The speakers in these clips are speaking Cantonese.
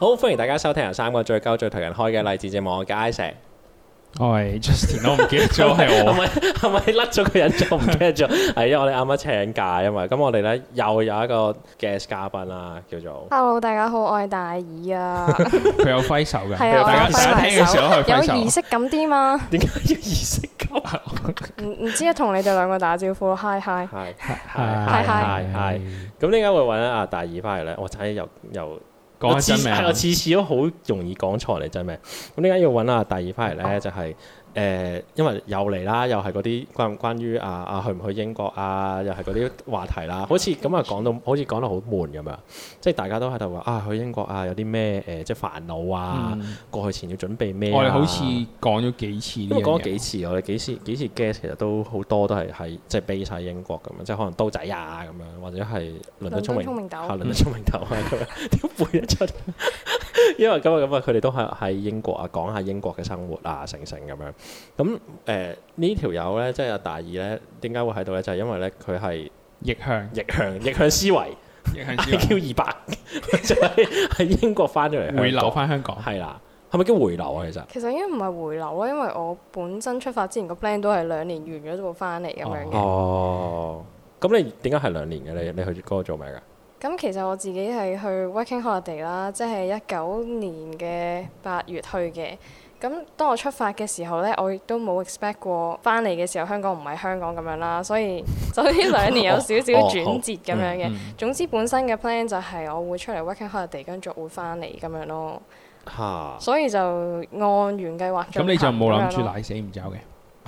好歡迎大家收聽三個最高最同人開嘅勵志節目《街 石 》是是， 哎。我係 Justin，我唔記得咗係我。係咪係咪甩咗個人做唔記得咗，係因為我哋啱啱請假，因為咁、嗯、我哋咧又有一個 guest 嘉賓啦，叫做。Hello，大家好，我係大耳啊。佢 有揮手㗎，係啊。 大家聽嘅時候 可以揮手。有儀式感啲嘛？點解要儀式感唔 、嗯、知啊，同你哋兩個打招呼，hi hi。係係係係係。咁點解會揾阿大耳翻嚟咧？我睇又又。我次係我次次都好容易講錯你真名，咁點解要揾啊第二嚟咧？啊、就係、係。誒、呃，因為又嚟啦，又係嗰啲關唔關於啊啊去唔去英國啊，又係嗰啲話題啦。好似咁啊，講到好似講得好悶咁樣，即係大家都喺度話啊，去英國啊，有啲咩誒，即係煩惱啊，嗯、過去前要準備咩、啊、我哋好似講咗幾次呢啲嘢講咗幾次，我哋幾次幾次 get 其實都好多都係係即係背晒英國咁樣，即係可能刀仔啊咁樣，或者係輪、輪、、嗯、輪到聰明頭，明啊咁樣，點背得出？因為今日咁啊，佢哋都係喺英國啊，講下英國嘅生活啊，成成咁樣。咁誒呢條友咧，即係大耳咧，點解會喺度咧？就係、是因為咧，佢係逆向逆向逆向思維，逆向 I Q 二百，就喺喺英國翻咗嚟，回流翻香港。係啦，係咪叫回流啊？其實其實應該唔係回流啊，因為我本身出發之前個 plan 都係兩年完咗就翻嚟咁樣嘅。哦，咁你點解係兩年嘅？你你去嗰度做咩噶？咁其實我自己係去 working holiday 啦，即係一九年嘅八月去嘅。咁當我出發嘅時候呢，我亦都冇 expect 過翻嚟嘅時候香港唔係香港咁樣啦，所以就呢兩年有少少轉折咁樣嘅。 哦哦嗯、總之本身嘅 plan 就係我會出嚟 working holiday，跟住會翻嚟咁樣咯。啊、所以就按原計劃咁，你就冇諗住賴死唔走嘅。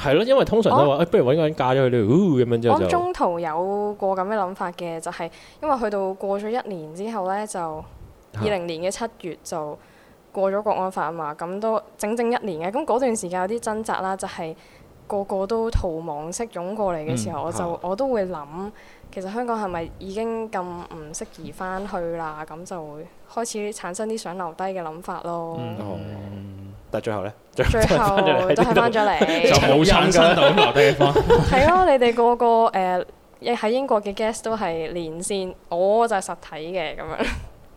係咯，因為通常都話我、哎，不如揾個人嫁咗佢呢？咁樣之後就，我中途有過咁嘅諗法嘅，就係、是、因為去到過咗一年之後呢，就二零年嘅七月就過咗國安法啊嘛，咁是的 都整整一年嘅，咁嗰段時間有啲掙扎啦，就係、是。個個都逃亡式湧過嚟嘅時候，嗯、我就我都會諗，其實香港係咪已經咁唔適宜翻去啦？咁就會開始產生啲想留低嘅諗法咯。嗯哦嗯、但係最後呢，最後都係翻咗嚟，就冇撐到留低嘅。係啊，你哋個個誒，喺、呃、英國嘅 guest 都係連線，我就係實體嘅咁樣。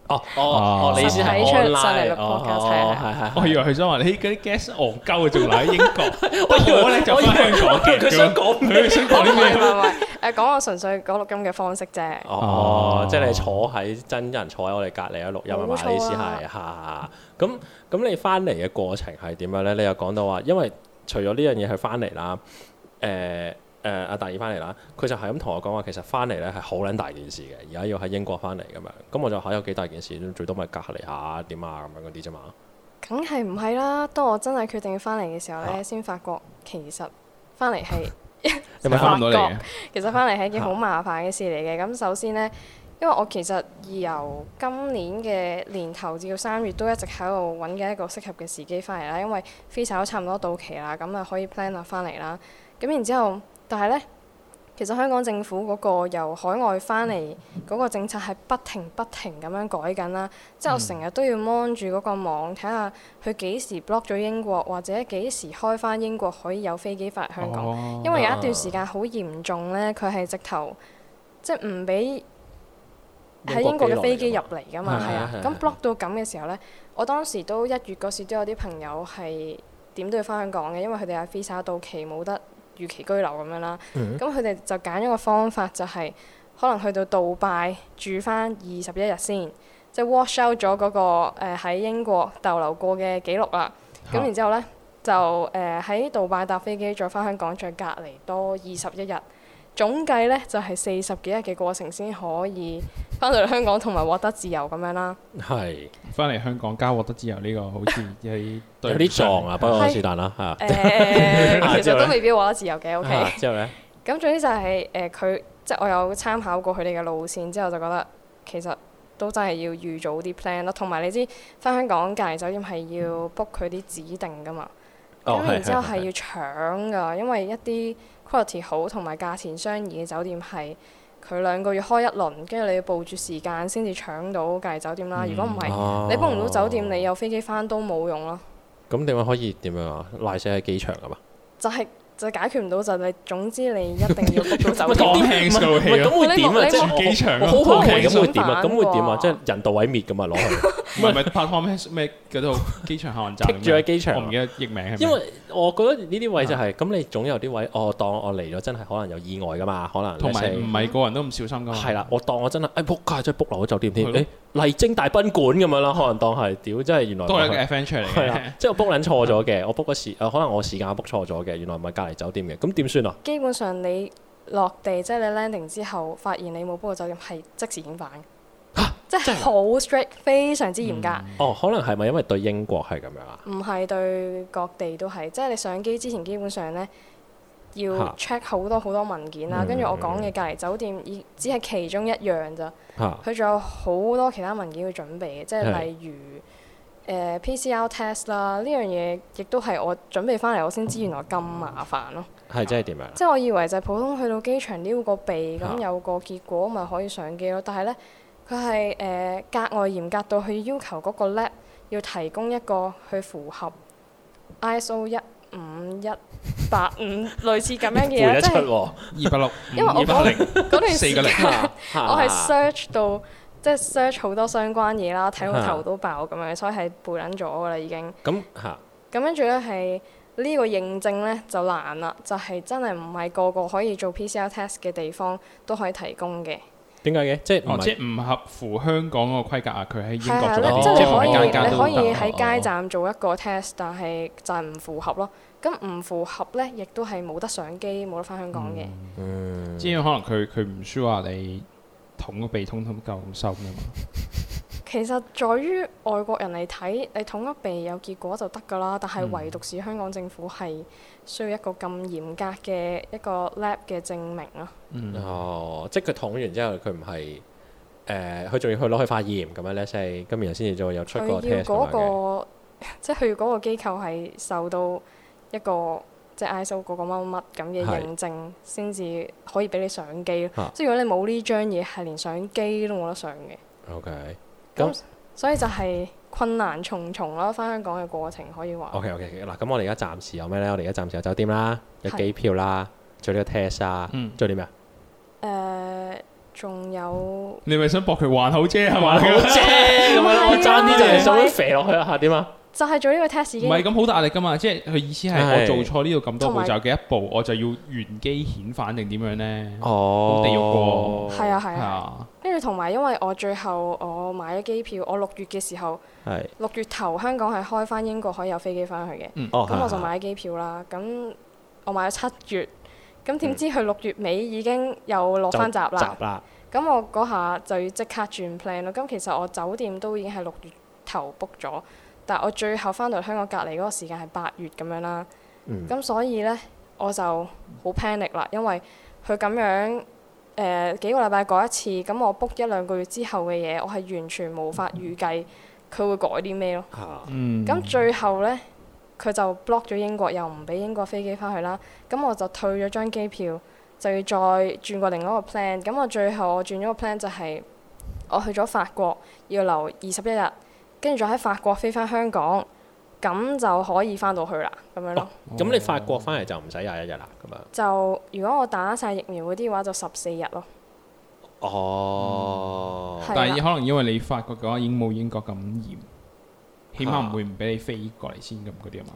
哦，哦，哦，你先係 online 哦，係係，我以為佢想話，嘿，啲 guest 戇鳩仲留喺英國，得我咧就翻香港。佢想講咩先講咩？唔係唔係，誒，純粹講錄音嘅方式啫。哦，即係你坐喺真人坐喺我哋隔離啊錄音啊嘛。你先係嚇，咁咁你翻嚟嘅過程係點樣咧？你又講到話，因為除咗呢樣嘢去翻嚟啦，誒。誒阿、呃、大耳返嚟啦，佢就係咁同我講話，其實返嚟咧係好撚大件事嘅。而家要喺英國返嚟咁樣，咁我就考有幾大件事？最多咪隔離下點啊咁樣嗰啲啫嘛。梗係唔係啦？當我真係決定要返嚟嘅時候咧，先、啊、發覺其實翻嚟係有冇翻到嚟，其實翻嚟係一件好麻煩嘅事嚟嘅。咁、啊、首先呢，因為我其實由今年嘅年頭至到三月都一直喺度揾緊一個適合嘅時機返嚟啦，因為 visa 都差唔多到期啦，咁啊可以 plan 下翻嚟啦。咁然之後。但係呢，其實香港政府嗰個由海外返嚟嗰個政策係不停不停咁樣改緊啦。之後成日都要 mon 住嗰個網睇下佢幾時 block 咗英國，或者幾時開返英國可以有飛機返嚟香港。哦、因為有一段時間好嚴重呢，佢係、哦、直頭即係唔俾喺英國嘅飛機入嚟㗎嘛。係啊，咁 block 到咁嘅時候呢，我當時都一月嗰時都有啲朋友係點都要返香港嘅，因為佢哋係 visa 到期冇得。預期居留咁樣啦，咁佢哋就揀咗個方法，就係、是、可能去到杜拜住翻二十一日先，即係 wash out 咗嗰個喺英國逗留過嘅記錄啦。咁、啊、然後之後呢，就誒喺杜拜搭飛機再翻香港，再隔離多二十一日。總計咧就係、是、四十幾日嘅過程先可以翻到嚟香港同埋獲得自由咁樣啦。係翻嚟香港交獲得自由呢個好似 有啲撞啊，不過是但啦嚇。呃、 其實都未必獲得自由嘅 OK、啊。之後咧？咁 Okay?、啊、總之就係誒佢即係我有參考過佢哋嘅路線，之後就覺得其實都真係要預早啲 plan 咯。同埋你知翻香港隔離酒店係要 book 佢啲指定㗎嘛？咁、哦、然之後係要搶㗎，的因為一啲 Quality 好同埋價錢相宜嘅酒店係佢兩個月開一輪，跟住你要 book 住時間先至搶到隔籬酒店啦。如果唔係，啊、你 book 唔到酒店，你有飛機翻都冇用咯。咁點、啊啊啊、樣可以點樣啊？賴死喺機場啊嘛！就係、是、就解決唔到就係、是、總之你一定要到酒店。咁會點啊？即係、 啊、 機場好好奇咁會點啊？咁 會點啊？即、就、係、是、人道毀滅噶嘛攞去。 唔係唔係，拍拖咩叫做「度機場下站，住喺機場。我唔記得譯名。因為我覺得呢啲位就係、是、咁， 你總有啲位，哦， 當我嚟咗真係可能有意外噶嘛，可能、就是。同埋唔係個人都唔小心㗎。係啦， 我當我真係哎 book 架，再 book 落咗酒店添。誒了、欸、麗晶大賓館咁樣啦，可能當係屌即係原來我。都係個 event 出嚟。即係了 我 book 撚錯咗嘅，我 book 嗰時、呃、可能我時間 book 錯咗嘅，原來唔係隔離酒店嘅，咁點算啊？基本上你落地即係、就是、你 landing 之後，發現你冇 book 過酒店，係即時返。好 strict，非常之嚴格。嗯、哦，可能係咪因為對英國係咁樣啊？唔係對各地都係，即係你上機之前基本上咧要 check 好多好多文件啦。跟住、啊、我講嘅隔離酒店，已只係其中一樣咋。佢仲、啊、有好多其他文件要準備嘅，即係例如誒 PC 的、呃、PCR test 啦，呢樣嘢亦都係我準備翻嚟，我先知原來咁麻煩咯。係即係點樣？即係我以為就係普通去到機場撩個鼻咁有個結果，咪可以上機咯。但係咧。佢係誒格外嚴格到去要求嗰個 lab 要提供一個去符合 ISO 一五一八五類似咁樣嘅嘢，背一出二百六二百零，四個零我係 search 到即係 search 好多相關嘢啦，睇到頭都爆咁樣，所以係背撚咗㗎啦已經。咁咁跟住咧係呢個認證咧就難啦，就係、是、真係唔係個個可以做 PCR test 嘅地方都可以提供嘅。點解嘅？即係唔噢即係唔合乎香港嗰個規格啊！佢喺英國做一點？對對對，即係可以，哦、你可以喺街站做一個 test，但係就唔符合咯。咁唔符合咧，亦都係冇得上機，冇得翻香港嘅、嗯。嗯，只可能佢佢唔輸話你捅個鼻通通夠深㗎嘛。 其實，在於外國人嚟睇，你統一鼻有結果就得㗎啦。但係唯獨是香港政府係需要一個咁嚴格嘅一個 lab 嘅證明咯、嗯。哦，即係佢統完之後，佢唔係誒，佢仲要去攞去化驗咁樣咧。先今年先至再有出過嘅要嗰、嗰個即係去嗰個機構係受到一個即係 ISO 嗰個乜乜乜咁嘅認證，先至可以俾你上機咯。即係是如果你冇呢張嘢，係連上機都冇得上嘅。ok 咁、嗯、所以就係困難重重咯，返香港嘅過程可以話。OK OK 嗱、okay，咁、嗯、我哋而家暫時有咩咧？我哋而家暫時有酒店啦，有機票啦，做呢個 test 啊，嗯，做啲咩啊？誒，仲有你咪想博佢還好啫，係嘛？好精咁啊！爭啲就係想佢肥落去啊，吓，點啊？就係做呢個 test 已經。唔係咁好大壓力噶嘛，即係佢意思係我做錯呢度咁多步驟嘅一步，我就要原機遣返定點樣呢？哦，地獄！係啊係啊，跟住同埋因為我最後我買咗機票，我六月嘅時候，六月頭香港係開翻英國可以有飛機翻去嘅，咁我就買咗機票啦。咁我買咗七月，咁點知佢六月尾已經又落翻閘啦。咁我嗰下就要即刻轉 plan 咯。咁其實我酒店都已經係六月頭 book 咗。但我最後返到香港隔離嗰個時間係八月咁樣啦，咁、嗯、所以呢，我就好 panic 啦，因為佢咁樣誒、呃、幾個禮拜改一次，咁我 book 一兩個月之後嘅嘢，我係完全無法預計佢會改啲咩咯。嗯。咁最後呢，佢就 block 咗英國，又唔俾英國飛機返去啦。咁我就退咗張機票，就要再轉過另一個 plan。咁我最後我轉咗個 plan 就係、是、我去咗法國要留二十一日。跟住再喺法國飛返香港，咁就可以返到去啦，咁樣咯。咁、哦、你法國返嚟就唔使廿一日啦，咁樣？就如果我打晒疫苗嗰啲嘅話，就十四日咯。哦，嗯、但係可能因為你法國嘅話已經冇英國咁嚴，起碼唔會唔俾你飛過嚟先咁嗰啲啊嘛。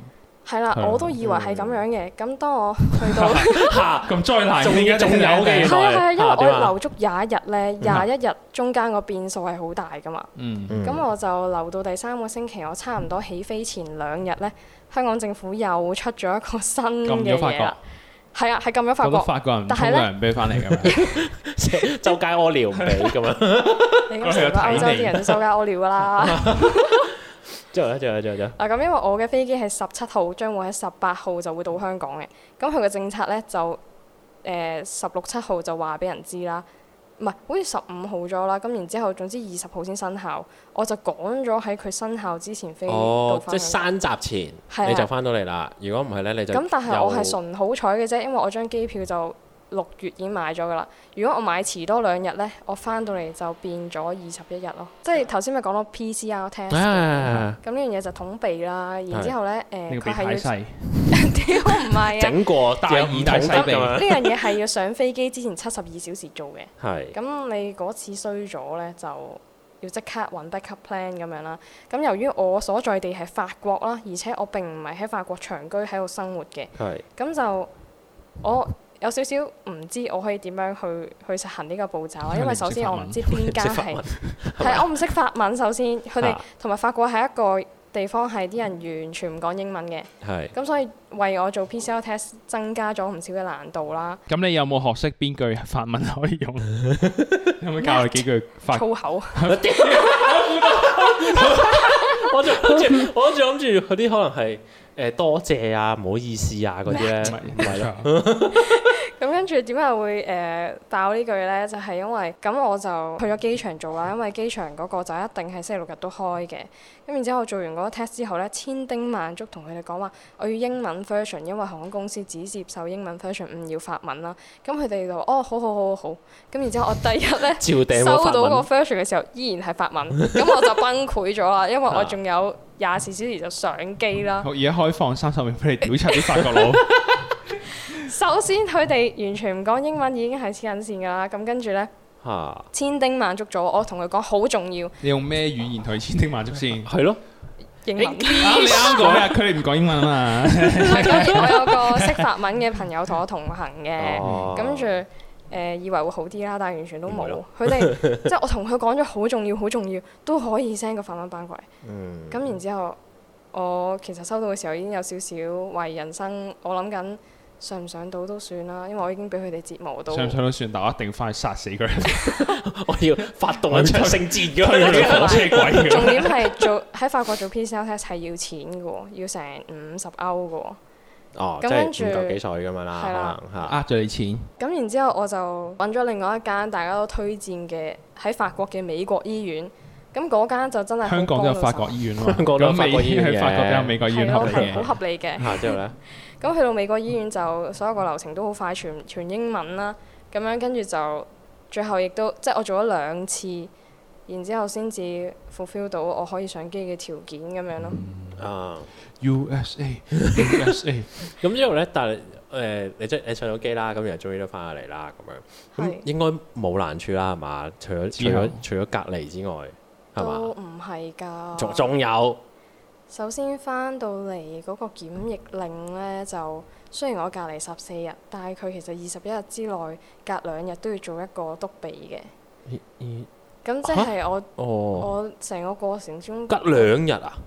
係啦，我都以為係咁樣嘅。咁當我去到，嚇咁災難，點解仲有嘅？係啊係啊，因為我留足廿一日咧，廿一日中間個變數係好大噶嘛。嗯咁我就留到第三個星期，我差唔多起飛前兩日咧，香港政府又出咗一個新嘅嘢啦。係啊，係咁樣發覺。我都發覺，但係咧，唔俾翻嚟㗎，周街屙尿唔俾咁啊！你成個歐洲啲人都周街屙尿㗎啦？之後咧，之後咧，之後就嗱咁，因為我嘅飛機係十七號，將會喺十八號就會到香港嘅。咁佢嘅政策咧就，誒十六七號就話俾人知啦，唔係好似十五號咗啦。咁然之後總之二十號先生效，我就趕咗喺佢生效之前飛到、哦、即係山閘前港你就翻到嚟啦。如果唔係咧，你就咁。但係我係純好彩嘅啫，因為我張機票就。六月已經買咗㗎啦。如果我買遲多兩日呢，我翻到嚟就變咗二十一日咯。即係頭先咪講到 PCR test 咁呢、啊、樣嘢就捅鼻啦。啊、然之後呢，誒佢係要，屌唔係啊， 整過大有耳大細呢樣嘢係要上飛機之前七十二小時做嘅。係。咁你嗰次衰咗呢，就要即刻揾 backup plan 咁樣啦。咁由於我所在地係法國啦，而且我並唔係喺法國長居喺度生活嘅。係的。咁就我。有少少唔知我可以點樣去去實行呢個步驟啊，因為首先我唔知邊間係，係我唔識法文，首先佢哋同埋法國係一個地方係啲人完全唔講英文嘅，係咁、啊、所以為我做 PCR test 增加咗唔少嘅難度啦。咁是你有冇學識邊句法文可以用？ 有冇教佢幾句 粗口？ 我諗住我諗住嗰啲可能係誒多謝啊、唔好意思啊嗰啲咧，唔係咯。 是 咁跟住點解會誒爆呢句呢？就係因為咁我就去咗機場做啦，因為機場嗰個就一定係星期六日都開嘅。咁然之後我做完嗰個 test 之後呢，千叮萬囑同佢哋講話，我要英文 version，因為航空公司只接受英文 version，唔要法文啦。咁佢哋就哦好好好好好。咁然之後我第一咧收到個 version 嘅時候，依然係法文，咁 我就崩潰咗啦，因為我仲有。啊廿四小時就上機啦！而家開放三十秒俾你屌柒啲法國佬。首先佢哋完全唔講英文，已經係黐緊線噶啦。咁跟住呢，千叮萬囑咗，我同佢講好重要。你用咩語言同佢千叮萬囑先？係咯，英文。你啱講咩，佢哋唔講英文啊嘛。我有個識法文嘅朋友同我同行嘅，跟住。誒、呃、以為會好啲啦，但係完全都冇。佢哋即係我同佢講咗好重要，好重要，都可以 send 個法文班過嚟。咁、嗯、然之後，我其實收到嘅時候已經有少少懷疑人生，我諗緊上唔上到都算啦，因為我已經俾佢哋折磨到。上唔上都算，但我一定返去殺死佢！ 我要發動一場聖戰嘅嗰啲火車鬼。 重點係做喺法國做 PCR test 係要錢嘅喎，要成五十歐嘅喎。哦，著即係唔夠幾歲咁樣啦，的可能嚇呃咗你錢。咁然之後，我就揾咗另外一間大家都推薦嘅喺法國嘅美國醫院。咁嗰間就真係香港都有法國醫院咯，咁 美國醫院喺法國比較美國醫院好啲嘅。係係，好合理嘅。之 後呢，咁去到美國醫院就所有個流程都好快，全全英文啦。咁樣跟住就最後亦都即係我做咗兩次，然之後先至 fulfil 到我可以上機嘅條件咁樣咯。嗯、啊，U S A，U USA , S A。咁因為咧，但係誒、呃，你即係你上咗機啦，咁然後終於都翻咗嚟啦，咁樣咁是應該冇難處啦，係嘛？除咗除咗除咗隔離之外，係嘛？唔係㗎，仲仲有。首先翻到嚟嗰、那個檢疫令咧，就雖然我隔離十四日，但係佢其實二十一日之內隔兩日都要做一個篤鼻嘅。咁、啊哦、即係我我成個過程中隔兩日啊、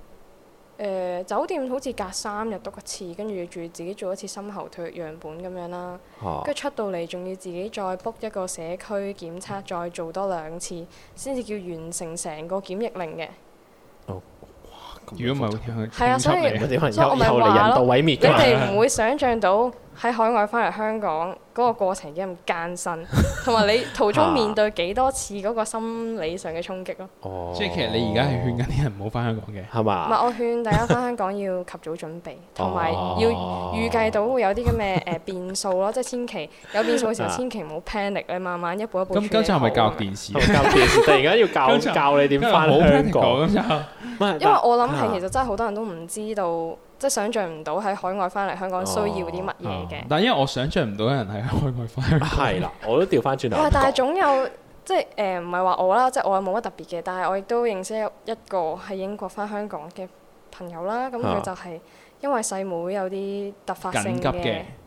呃？酒店好似隔三日篤一次，跟住要自己做一次深喉唾液樣本咁樣啦。跟住、啊、出到嚟仲要自己再 book 一個社區檢測，再做多兩次，先至叫完成成個檢疫令嘅。如果唔係，係啊，所以我咪話咯，人道毀滅說你哋唔會想象到。喺海外翻嚟香港嗰、嗰個過程幾咁艱辛，同埋你途中面對幾多次嗰個心理上嘅衝擊咯。 哦！即係其實你而家係勸緊啲人唔好翻香港嘅，係嘛嗎？唔係我勸大家翻香港要及早準備，同埋 要預計到會有啲咁嘅誒變數咯。 即係千祈有變數嘅時候，千祈唔好 panic 你慢慢一步一步。咁、嗯、今集係咪教電視？教電視，突然間要教教你點翻香港。因為我諗係其實真係好多人都唔知道。即係想象唔到喺海外翻嚟香港需要啲乜嘢嘅，但因為我想象唔到嘅人喺海外翻係啦，我都調翻轉頭。但係總有即係誒，唔係話我啦，即係我又冇乜特別嘅。但係我亦都認識一一個喺英國翻香港嘅朋友啦。咁佢就係、是。因為細妹有啲突發性嘅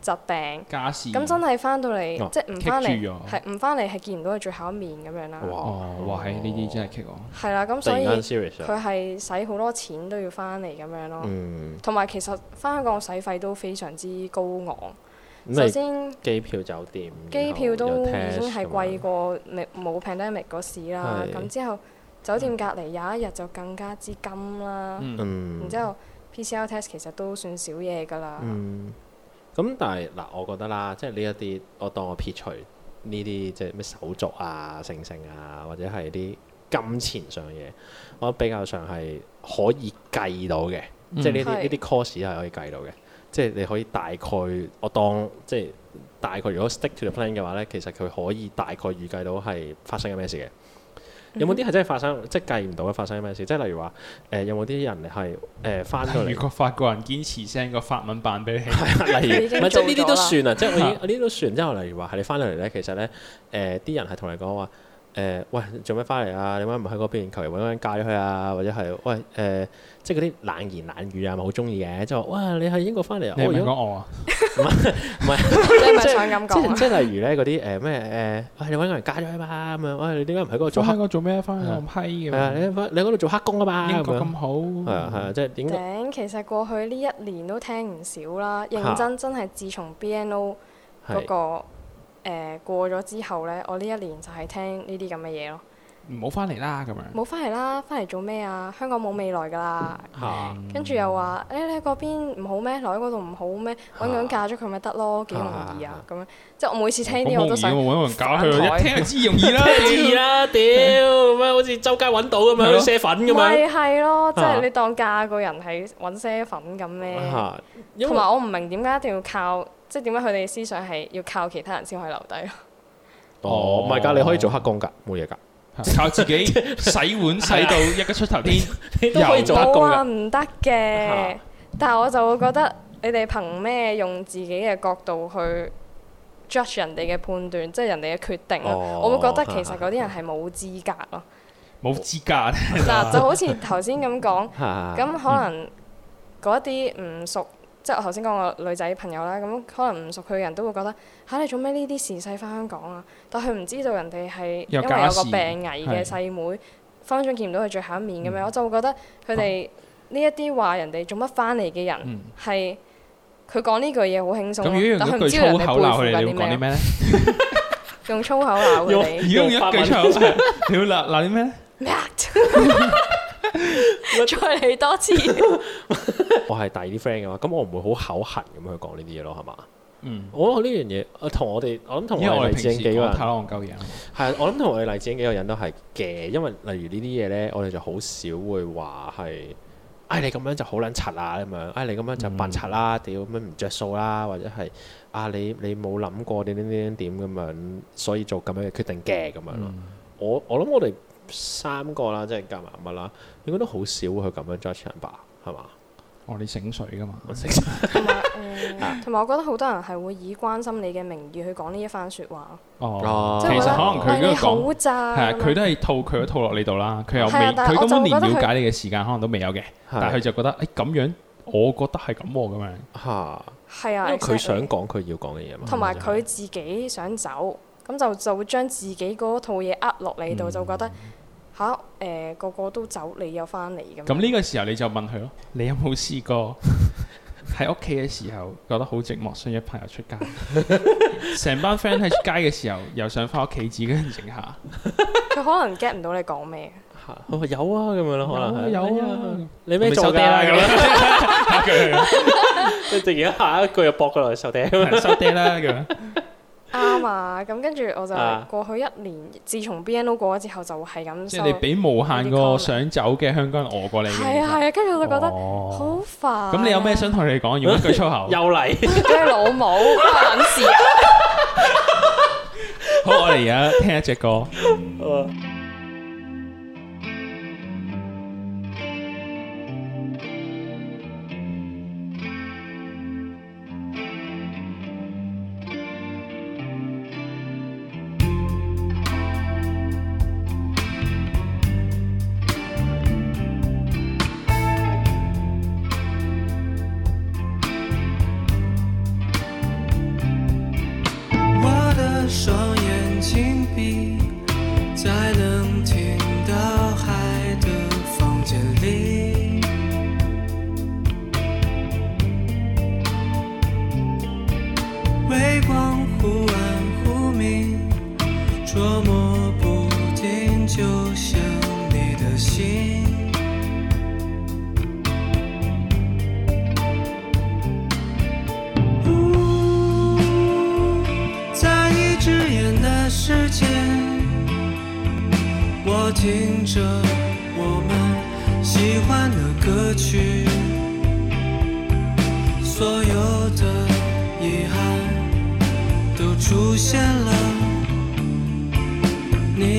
疾病，咁真係翻到嚟即係唔翻嚟，係唔翻嚟係見唔到佢最後一面咁樣啦。哇！哇！係呢啲真係棘哦。係啦，咁所以佢係使好多錢都要翻嚟咁樣咯。嗯。同埋其實翻香港使費都非常之高昂。首先機票酒店。機票都已經係貴過冇 pandemic 嗰時啦。係。咁之後酒店隔離有一日就更加之金啦。嗯。然之後。PCR test 其實都算少嘢㗎啦。嗯，咁但係嗱、呃，我覺得啦，即係呢一啲，我當我撇除呢啲即係咩手續啊、成成啊，或者係啲金錢上嘅嘢，我比較上係可以計到嘅，嗯、即係呢啲呢啲 cost 係可以計到嘅，即係你可以大概我當即係大概如果 stick to the plan 嘅話咧，其實佢可以大概預計到係發生緊咩事嘅。有冇啲係真係發生，即、就、係、是、計唔到嘅發生咩事？即係例如話，誒、呃、有冇啲人係誒翻到嚟？如果法國人堅持 send 個法文版俾你，係啊，例如，唔係 即係呢啲都算啊！即係我呢啲 都算。之後，例如話係你翻到嚟咧，其實咧誒啲人係同你講話。誒、欸、喂，做咩翻嚟啊？點解唔喺嗰邊？求其揾個人嫁咗佢啊，或者係喂誒、欸，即係嗰啲冷言冷語啊，唔係好中意嘅。即係話哇，你喺英、啊、國翻嚟啊，啊？你唔係講我啊？唔係，即係即係即係例如咧嗰啲誒咩誒，喂你揾人嫁咗佢嘛咁樣？喂你點解唔喺嗰度做？我喺嗰度做咩啊？翻去咁批咁啊！你你喺度做黑工啊嘛？英國咁好係啊係啊，嗯、啊，即係點。其實過去呢一年都聽唔少啦，認真、啊、認真係自從 BNO 嗰、那個。誒過咗之後咧，我呢一年就係聽呢啲咁嘅嘢咯。唔好翻嚟啦，咁樣。冇翻嚟啦，翻嚟做咩啊？香港冇未來噶啦。跟住又話：誒你喺嗰邊唔好咩？留喺嗰度唔好咩？揾個人嫁咗佢咪得咯？幾容易啊？咁樣。即係我每次聽啲我都想。咁容易揾人嫁佢？一聽就知容易啦。知易啦，屌！咩好似周街揾到咁樣去卸粉咁樣。係係咯，即係你當嫁個人係揾卸粉咁咧。同埋我唔明點解一定要靠。即係點解佢哋思想係要靠其他人先可以留低哦，唔係㗎，你可以做黑工㗎，冇嘢㗎，靠自己洗碗洗到一個出頭天 都可以做到。冇話唔得嘅， 但係我就會覺得你哋憑咩用自己嘅角度去 judge 人哋嘅判斷，即係人哋嘅決定、oh, 我會覺得其實嗰啲人係冇資格咯，冇 資格。嗱 就好似頭先咁講，咁 可能嗰啲唔熟。即係我頭先講個女仔朋友啦，咁可能唔熟佢嘅人都會覺得嚇、啊、你做咩呢啲時勢翻香港啊？但佢唔知道人哋係因為有個病危嘅細妹，妹，分分鐘見唔到佢最後一面咁樣，嗯、我就會覺得佢哋呢一啲話人哋做乜翻嚟嘅人係佢講呢句嘢好輕鬆，嗯嗯、但係佢唔知道人哋背負緊啲咩 用粗口鬧人哋你，要講啲咩用粗口鬧佢哋，用一句粗口鬧啲咩 a 再嚟多次。 我係大啲 friend 嘅話，咁我唔會好口痕咁去講呢啲嘢咯，係嘛？嗯，我呢樣嘢，同我哋我諗同我哋勵志鷹幾個人係我諗同我哋勵志鷹幾個人都係嘅，因為例如呢啲嘢咧，我哋就好少會話係唉，你咁樣就好撚柒啊咁樣，唉，你咁樣就笨柒啦，屌咁樣唔着數啦，或者係啊你你冇諗過點點點點點咁樣，所以做咁樣嘅決定嘅咁樣咯、嗯。我我諗我哋三個啦，即係夾埋乜啦，應該都好少會去咁樣 judge 人吧，係嘛？我哋醒水噶嘛？同埋，同埋我覺得好多人係會以關心你嘅名義去講呢一番説話。哦，其實可能佢都講係啊，佢都係套佢嗰套落你度啦。佢又未，佢今年了解你嘅時間可能都未有嘅，但係佢就覺得誒咁樣，我覺得係咁喎咁樣。嚇，係啊，因為佢想講佢要講嘅嘢嘛。同埋佢自己想走，咁就就會將自己嗰套嘢呃落你度，就覺得。嚇！誒、啊、個個都走，你又翻嚟咁。咁呢個時候你就問佢咯：你有冇試過喺屋企嘅時候覺得好寂寞，想約朋友出街？成班 friend 喺出街嘅時候又想翻屋企自己整下。佢可能 get 唔到你講咩？嚇、嗯！有啊，咁樣咯，可能有啊。有啊嗯、有啊你咩收嗲啦咁樣？下句，即係突然一下一句又駁過落去收嗲咁樣，收嗲啦咁樣。啱啊！咁跟住我就過去一年，自從 BNO 過咗之後，就係咁。即係你俾無限個想走嘅香港人餓過你。係啊係啊，跟住我就覺得好煩。咁你有咩想同你講？用一句粗口。又嚟。梗係老母，梗係揾事。好，我哋而家聽一隻歌。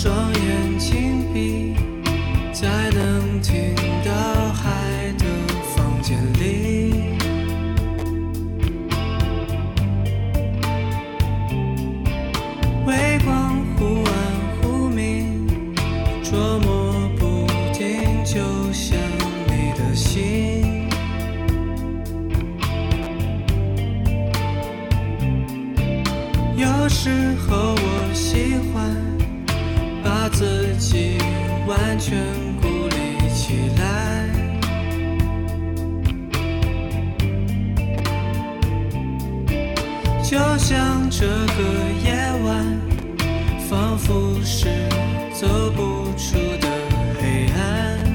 雙眼緊閉，在能聽到海的房間裏，微光忽暗忽明，捉摸不定，就像你的心。有時候我喜歡。把自己完全孤立起來，就像這個夜晚，彷彿是走不出的黑暗。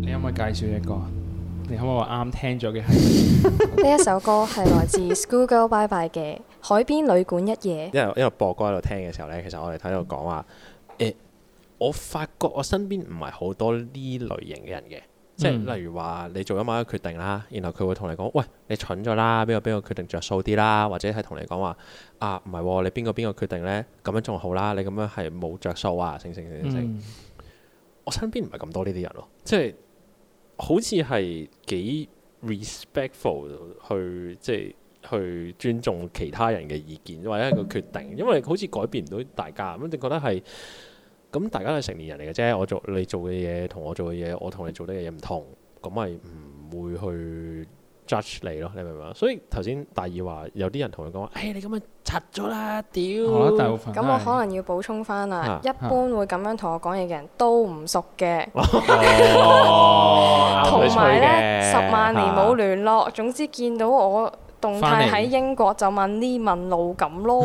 你可唔可以介紹一個？你可唔可以話啱聽咗嘅係呢一首歌係來自 Schoolgirl Byebye 嘅《海邊旅館一夜》。因為因為播歌喺度聽嘅時候呢，其實我哋喺度講話誒，我發覺我身邊唔係好多呢類型嘅人嘅，即係例如話你做咗某一個決定啦，然後佢會同你講：喂，你蠢咗啦！邊個邊個決定着數啲啦？或者係同你講話啊，唔係喎，你邊個邊個決定呢？咁樣仲好啦，你咁樣係冇着數啊！成成成成我身邊唔係咁多呢啲人咯，即係。好似係幾 respectful 去即係去尊重其他人嘅意見或者個決定，因為好似改變唔到大家咁，你覺得係咁、嗯、大家都係成年人嚟嘅啫。我做你做嘅嘢同我做嘅嘢，我同你做嘅嘢唔同，咁係唔會去 judge 你咯，你明唔明啊？所以頭先大耳話有啲人同佢講話，誒、哎、你咁樣拆咗啦，屌、哦！咁我可能要補充翻啦。啊、一般會咁樣同我講嘢嘅人都唔熟嘅，同埋咧十萬年冇聯絡。啊、總之見到我動態喺英國就問呢問路咁咯。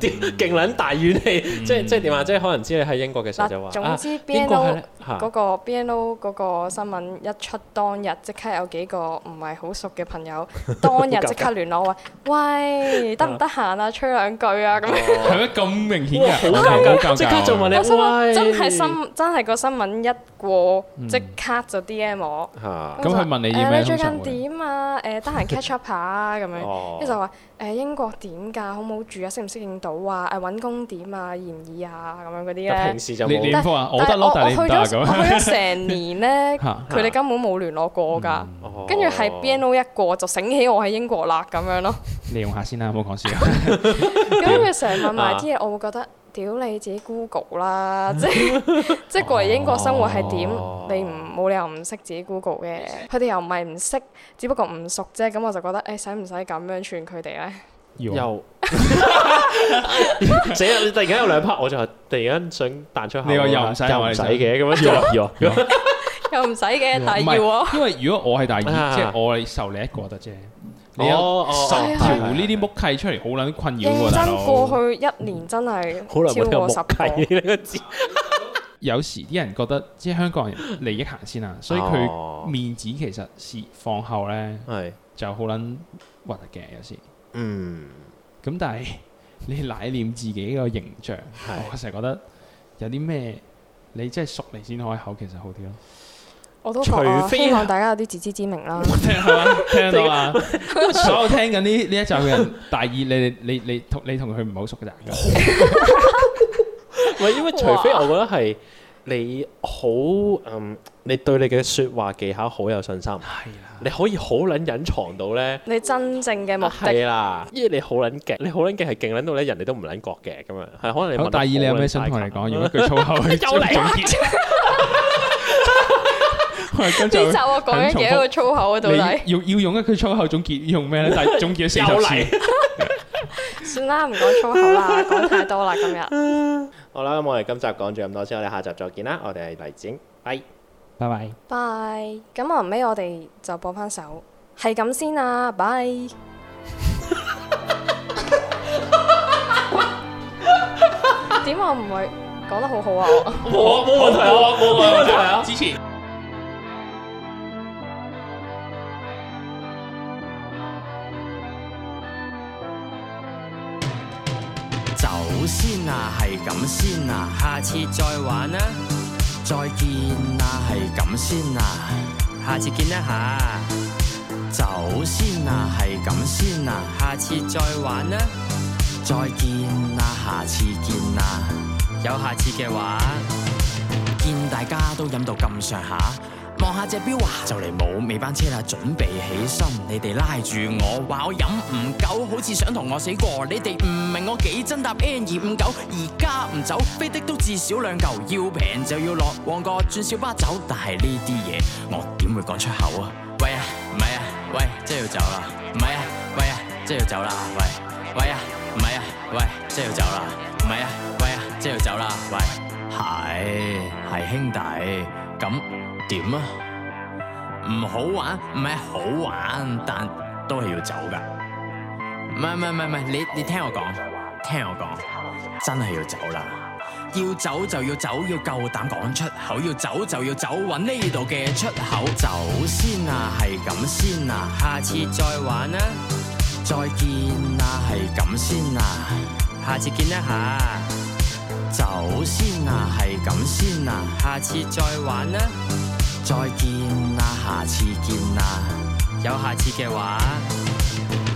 屌，勁撚大怨氣，嗯、即係即係點啊？即係可能知你喺英國嘅時候就話啊，英國嗰個 BNO 嗰個新聞一出，當日即刻有幾個唔係好熟嘅朋友，當日即刻聯絡我話：喂，得唔得閒啊？吹兩句啊咁樣。係咩咁明顯㗎？即刻就問你喂，真係新真係個新聞一過，即刻就 DM 我。咁佢問你：你最近點啊？誒得閒 catch up 下咁樣。跟住就話：誒英國點㗎？好唔好住啊？適唔適應到啊？誒搵工點啊？如意啊？咁樣嗰啲咧。平時就冇。但我我去咗。我去咗成年呢，佢哋、 啊、根本冇聯絡過噶，跟住係 BNO 一過就醒起我喺英國啦咁樣咯。 你用下先啦，唔好講笑。咁佢成日問埋啲嘢，我會覺得，屌你自己 Google 啦，即即過嚟英國生活係點？你唔冇理由唔識自己 Google 嘅。佢哋又唔係唔識，只不過唔熟啫。咁我就覺得，誒使唔使咁樣串佢哋呢？又，死啦，突然間有兩 part，我就係突然間想彈出口。你話又唔使，又唔使嘅，咁樣又，唔使嘅第二。唔因為如果我係第二，即係我係受你一個得啫。你哦，條呢啲木契出嚟好撚困擾。真過去一年真係超過十個。有時啲人覺得，即係香港人利益行先啊，所以佢面子其實是放後咧，係就好撚核突嘅有時。嗯，咁但係你乃念自己個形象，是我成日覺得有啲咩，你真係熟嚟先開口，其實好啲咯。我都除非、啊、希望大家有啲自知之明啦，係 聽到啊，因為 所有聽緊呢呢一集嘅 人， 大耳你你你同你同佢唔係好熟嘅咋？唔 因為除非我覺得係。你好，嗯，你對你嘅説話技巧好有信心。係啦，你可以好撚隱藏到咧。你真正嘅目的啦，因為你好撚勁，你好撚勁係勁撚到咧，人哋都唔撚覺嘅咁樣。係可能你好大意。你有咩想同你講？用一句粗口去總結。又嚟！邊集我講緊幾個粗口喺度嚟？要要用一句粗口總結？用咩咧？就係總結四十次。算啦，唔講粗口啦，講太多啦，今日。好啦，咁我哋今集講住咁多先，我哋下集再見啦。我哋係勵志鷹，拜拜拜拜。咁後尾我哋就播翻首，係咁先啦，拜。點我唔會講得好好啊？我冇問題啊，冇問題啊，支持。先啊，係咁先啊，下次再玩啦。再見啊，係咁先啊，下次見一下。走先啊，係咁先啊，下次再玩啦。再見啊，下次見啊。有下次嘅話，見大家都飲到咁上下。望下隻表啊，就嚟冇尾班車啦，準備起身。你哋拉住我，話我飲唔夠，好似想同我死過。你哋唔明我幾真搭 N 二五九，而家唔走，飛的都至少兩嚿。要平就要落旺角轉小巴走，但係呢啲嘢我點會講出口啊？喂啊，唔係啊，喂，真要走啦。唔係啊，喂啊，真要走啦。喂，喂啊，唔係啊，喂，真要走啦。唔係啊，啊，喂啊，真要走啦。喂，係係兄弟，咁。點啊？唔好玩，唔係好玩，但都係要走噶。唔係唔係唔係，你你聽我講，聽我講，真係要走啦。要走就要走，要夠膽講出口。要走就要走，搵呢度嘅出口走先啊！係咁先啊！下次再玩啊！再見啊！係咁先啊！下次見啦吓。走先啊，係咁先啊，下次再玩啦，再見啦，下次見啦，有下次嘅話，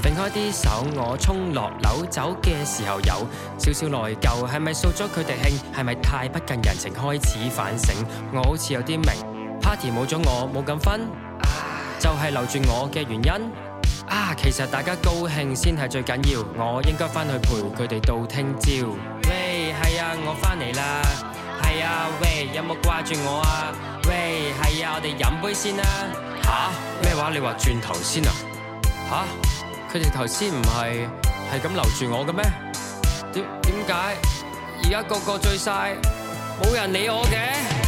揈開啲手，我衝落樓走嘅時候有少少內疚，係咪掃咗佢哋興？係咪太不近人情？開始反省，我好似有啲明，party 冇咗我冇咁分，就係留住我嘅原因。啊，其實大家高興先係最緊要，我應該翻去陪佢哋到聽朝。我翻嚟啦，係啊喂，有冇掛住我啊？喂，係啊，我哋飲杯先啦。吓咩話？你話轉頭先啊？吓，佢哋頭先唔係係咁留住我嘅咩？點點解而家個個醉晒，冇人理我嘅？